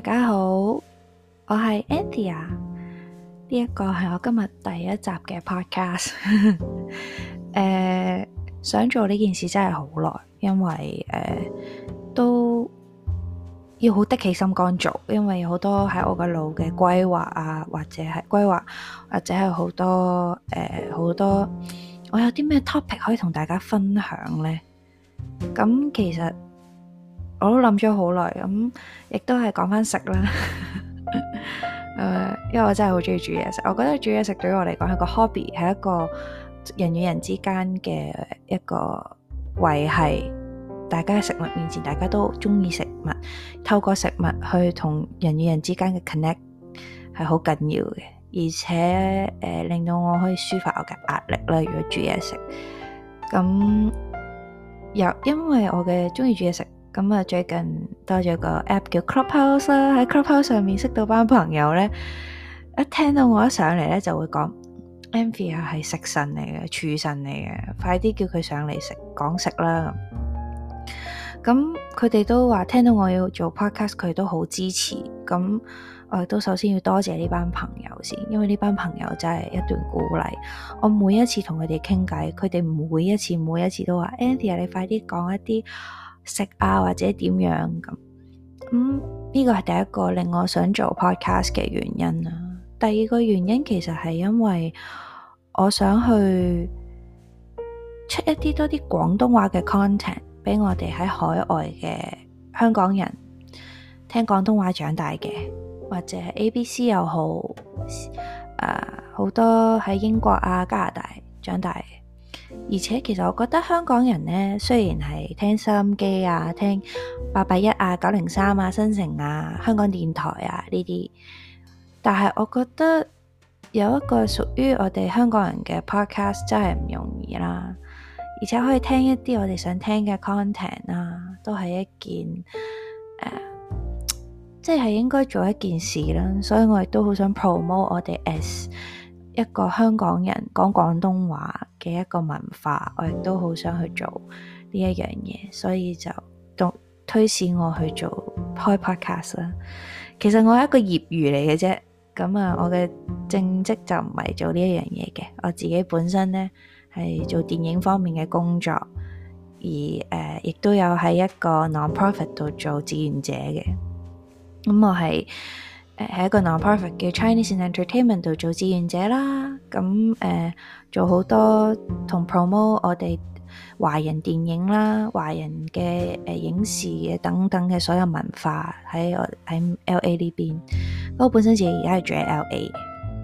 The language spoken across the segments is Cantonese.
大家好，我係 Anthea 呢一，這個係我今日第一集嘅 podcast、 呃。想做呢件事真係好耐，因為、呃、都要好的起心肝做，因為有好多喺我個腦嘅規劃啊，或者係規劃，或者係好多誒好、呃、多，我有啲咩 topic 可以同大家分享呢？咁其實。我都諗咗好耐，咁亦都係講返食啦。 uh, 因為我真係好鍾意煮嘢食。我覺得煮嘢食對於我嚟講係個 hobby，係一個人與人之間嘅一個維係。大家喺食物面前，大家都鍾意食物，透過食物去同人與人之間嘅 connect 係好緊要嘅。而且、呃、令到我可以抒發我嘅壓力啦。如果煮嘢食，咁又因為我嘅鍾意煮嘢食。咁啊，最近多咗個 app 叫 Clubhouse 啦，喺 Clubhouse 上面識到班朋友咧，一聽到我一上嚟咧，就會講 Anthea 係食神嚟嘅、廚神嚟嘅，快啲叫佢上嚟食，講食啦。咁佢哋都話聽到我要做 podcast，佢哋都好支持。咁我都首先要多謝呢班朋友先，因為呢班朋友真係一段鼓勵。我每一次同佢哋傾偈，佢哋每一次每一次都話 Anthea，你快啲講一啲。食啊，或者點樣咁？咁、嗯、呢、這個係第一個令我想做 podcast 嘅原因啦。第二個原因其實係因為我想去出一啲多啲廣東話嘅 content 俾我哋喺海外嘅香港人聽廣東話長大嘅，或者係 ABC 又好，誒、啊、好多喺英國啊、加拿大長大。而且其實我覺得香港人呢，雖然係聽收音機啊，聽八八一啊、九零三啊、新城啊、香港電台啊呢啲，但係我覺得有一個屬於我哋香港人嘅 podcast 真係唔容易啦，而且可以聽一啲我哋想聽嘅 content 啦、啊，都係一件即係、呃就是、應該做一件事啦，所以我亦都好想 promote 我哋 S。一個香港人講廣東話嘅一個文化，我亦都好想去做呢一樣嘢，所以就推使我去做開 podcast 啦。其實我係一個業餘嚟嘅啫，咁啊，我嘅正職就唔係做呢一樣嘢嘅。我自己本身呢係做電影方面嘅工作，而誒亦、呃、都有喺一個 non-profit 度做志願者嘅。咁我係。誒係一個 non-profit 嘅 Chinese in Entertainment 度做志願者啦，咁誒、呃、做好多同 promote 我哋華人電影啦、華人嘅誒、呃、影視嘅等等嘅所有文化喺我喺 LA 呢邊。我本身自己而家係住喺 LA，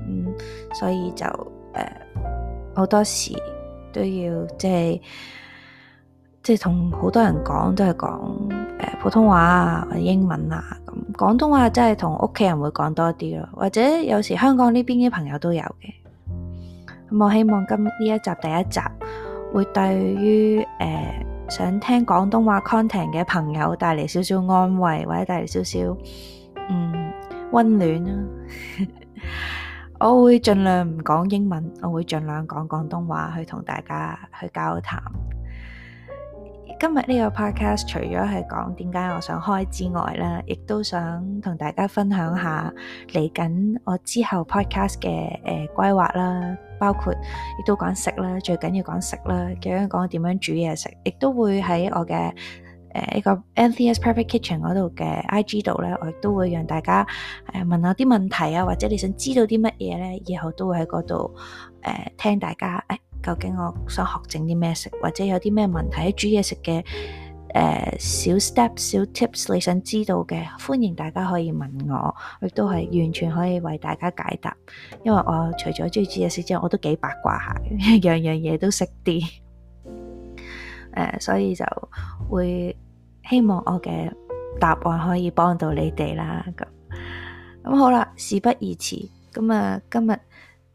嗯，所以就誒好、呃、多時都要即係即係同好多人講都係講誒普通話、啊、或者英文啊。廣東話真係同屋企人會講多啲咯，或者有時香港呢邊啲朋友都有嘅。咁我希望今呢一集第一集會對於誒、呃、想聽廣東話 content 嘅朋友帶嚟少少安慰，或者帶嚟少少嗯溫暖啦、啊。 我會盡量唔講英文，我會盡量講廣東話去同大家去交談。今日呢個 podcast 除咗係講點解我想開之外啦，亦都想同大家分享下嚟緊我之後 podcast 嘅誒規、呃、劃啦，包括亦都講食啦，最緊要講食啦，究竟講點樣煮嘢食，亦都會喺我嘅誒、呃、一個 Anthea's Perfect Kitchen 度嘅 IG 度咧，我亦都會讓大家誒、呃、問我啲問題啊，或者你想知道啲乜嘢咧，以後都會喺嗰度誒聽大家誒。哎究竟我想學整啲咩食，或者有啲咩問題喺煮嘢食嘅誒、呃、小 step 小 tips，你想知道嘅，歡迎大家可以問我，亦都係完全可以為大家解答。因為我除咗中意煮嘢食之外，我都幾八卦下， 樣樣嘢都識啲，誒、呃，所以就會希望我嘅答案可以幫到你哋啦。咁咁好啦，事不宜遲，咁啊今日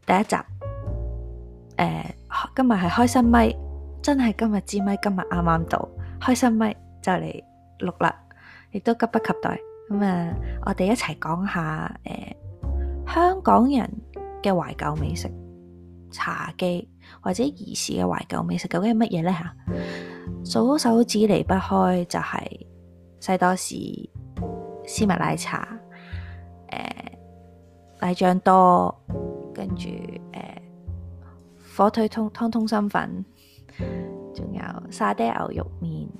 第一集誒。呃今日係開心咪，真係今日知咪，今日啱啱到開心咪就嚟錄啦，亦都急不及待咁啊！我哋一齊講一下誒、呃，香港人嘅懷舊美食，茶記或者兒時嘅懷舊美食究竟係乜嘢呢？吓？數手指離不開就係西多士、絲襪奶茶、誒奶醬多，跟住誒。呃火腿通通通心粉，仲有沙爹牛肉麵，誒、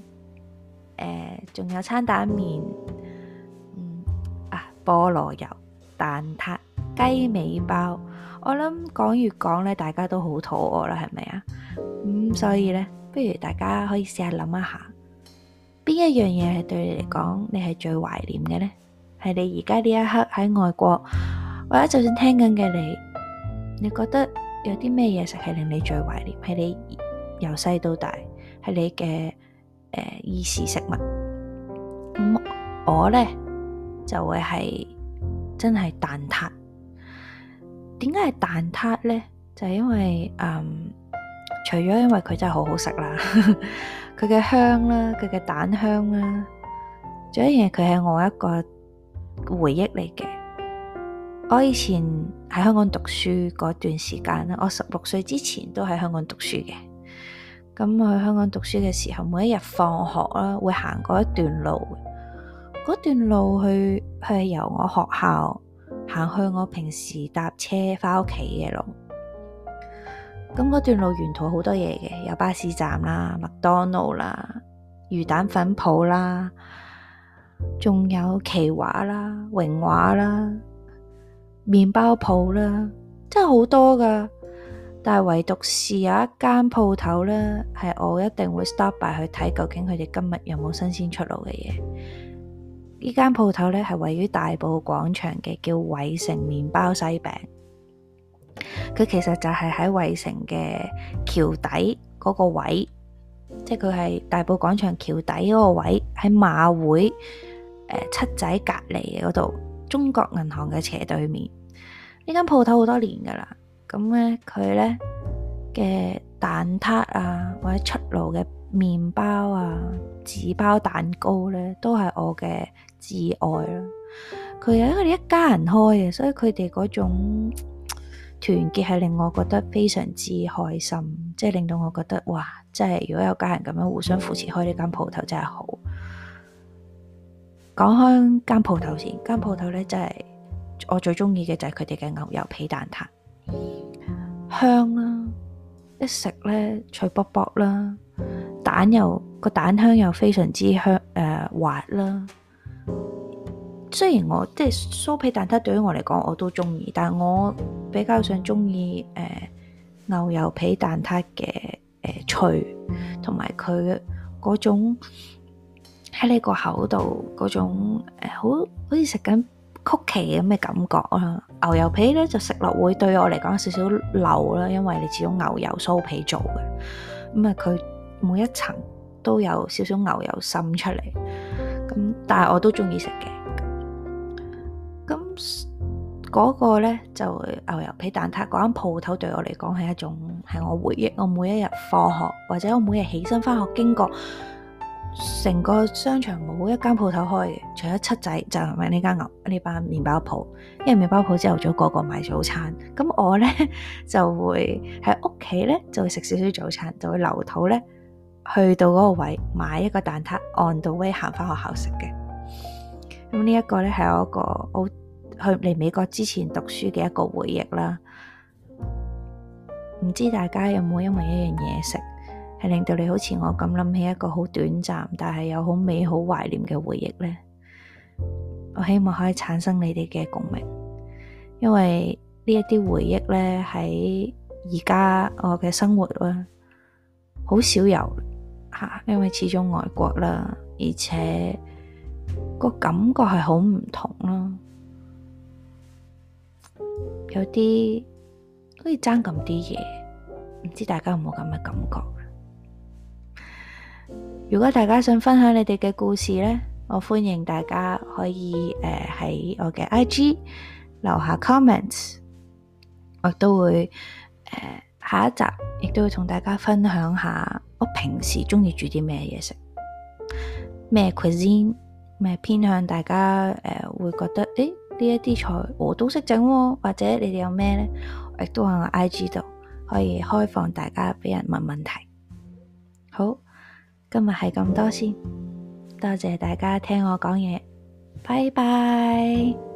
呃，仲有餐蛋麵、嗯，啊，菠蘿油蛋撻、雞尾包，我諗講越講咧，大家都好肚餓啦，係咪啊？咁、嗯、所以咧，不如大家可以試下諗一下，邊一樣嘢係對你嚟講，你係最懷念嘅咧？係你而家呢一刻喺外國，或者就算聽緊嘅你，你覺得？有啲咩嘢食係令你最懷念？係你由細到大，係你嘅，誒、兒、呃、時食物。咁、嗯、我咧就會係真係蛋撻。點解係蛋撻咧？就係、因為誒、嗯，除咗因為佢真係好好食啦，佢嘅香啦，佢嘅蛋香啦，仲有一樣，佢係我一個回憶嚟嘅。我以前喺香港讀書嗰段時間，我十六歲之前都喺香港讀書嘅。咁我去香港讀書嘅時候，每一日放學啦，會行過一段路，嗰段路去係由我學校行去我平時搭車翻屋企嘅路。咁嗰段路沿途好多嘢嘅，有巴士站啦、麥當勞啦、魚蛋粉鋪啦，仲有奇華啦、榮華啦。.麵包鋪啦，真係好多㗎，但係唯獨是有一間鋪頭呢，係我一定會 stop by 去睇，究竟佢哋今日有冇新鮮出爐嘅嘢。呢間鋪頭呢，係位於大埔廣場嘅，叫偉城麵包西餅。佢其實就係喺偉城嘅橋底嗰個位，即係佢係大埔廣場橋底嗰個位，喺馬會、呃、七仔隔離嗰度，中國銀行嘅斜對面。呢間鋪頭好多年噶啦，咁呢，佢呢嘅蛋撻啊，或者出爐嘅麵包啊、紙包蛋糕呢，都係我嘅摯愛啦。佢係因為一家人開嘅，所以佢哋嗰種團結係令我覺得非常之開心，即係令到我覺得哇，真係如果有家人咁樣互相扶持開呢間鋪頭真係好。講開間鋪頭先，間鋪頭呢，真係。我最中意嘅就係佢哋嘅牛油皮蛋撻，香啦，一食咧脆卜卜啦，蛋又個蛋香又非常之香誒、呃、滑啦。雖然我即係酥皮蛋撻對於我嚟講我都中意，但係我比較想中意誒牛油皮蛋撻嘅誒脆同埋佢嗰種喺你個口度嗰種誒、呃、好好似食緊。曲奇咁嘅感覺啦，牛油皮咧就食落會對我嚟講有少少流啦，因為你始終牛油酥皮做嘅，咁啊佢每一層都有少少牛油滲出嚟，咁但係我都中意食嘅。咁嗰、那個咧就牛油皮蛋撻嗰間鋪頭對我嚟講係一種係我回憶，我每一日放學或者我每日起身返學經過。成個商場冇一間鋪頭開嘅，除咗七仔就係呢間牛呢班麵包鋪，因為麵包鋪朝頭早個個買早餐，咁我呢就會喺屋企呢，就會食少少早餐，就會留肚呢，去到嗰個位買一個蛋撻，on the way 行翻學校食嘅。咁呢一個呢，係我一個好去嚟美國之前讀書嘅一個回憶啦。唔知大家有冇因為一樣嘢食？係令到你好似我咁諗起一個好短暫，但係又好美好懷念嘅回憶咧。我希望可以產生你哋嘅共鳴，因為呢一啲回憶咧喺而家我嘅生活啦，好少有吓、啊，因為始終外國啦，而且個感覺係好唔同囉，有啲好似爭咁啲嘢，唔知大家有冇咁嘅感覺？如果大家想分享你哋嘅故事咧，我歡迎大家可以誒喺、呃、我嘅 IG 留下 comments，我都會誒、呃、下一集亦都會同大家分享下我平時鍾意煮啲咩嘢食，咩 cuisine 咩偏向大家誒、呃、會覺得誒呢一啲菜我都識整、喎，或者你哋有咩咧，亦都喺我 IG 度可以開放大家俾人問問題。好。今日係咁多先，多謝大家聽我講嘢，拜拜。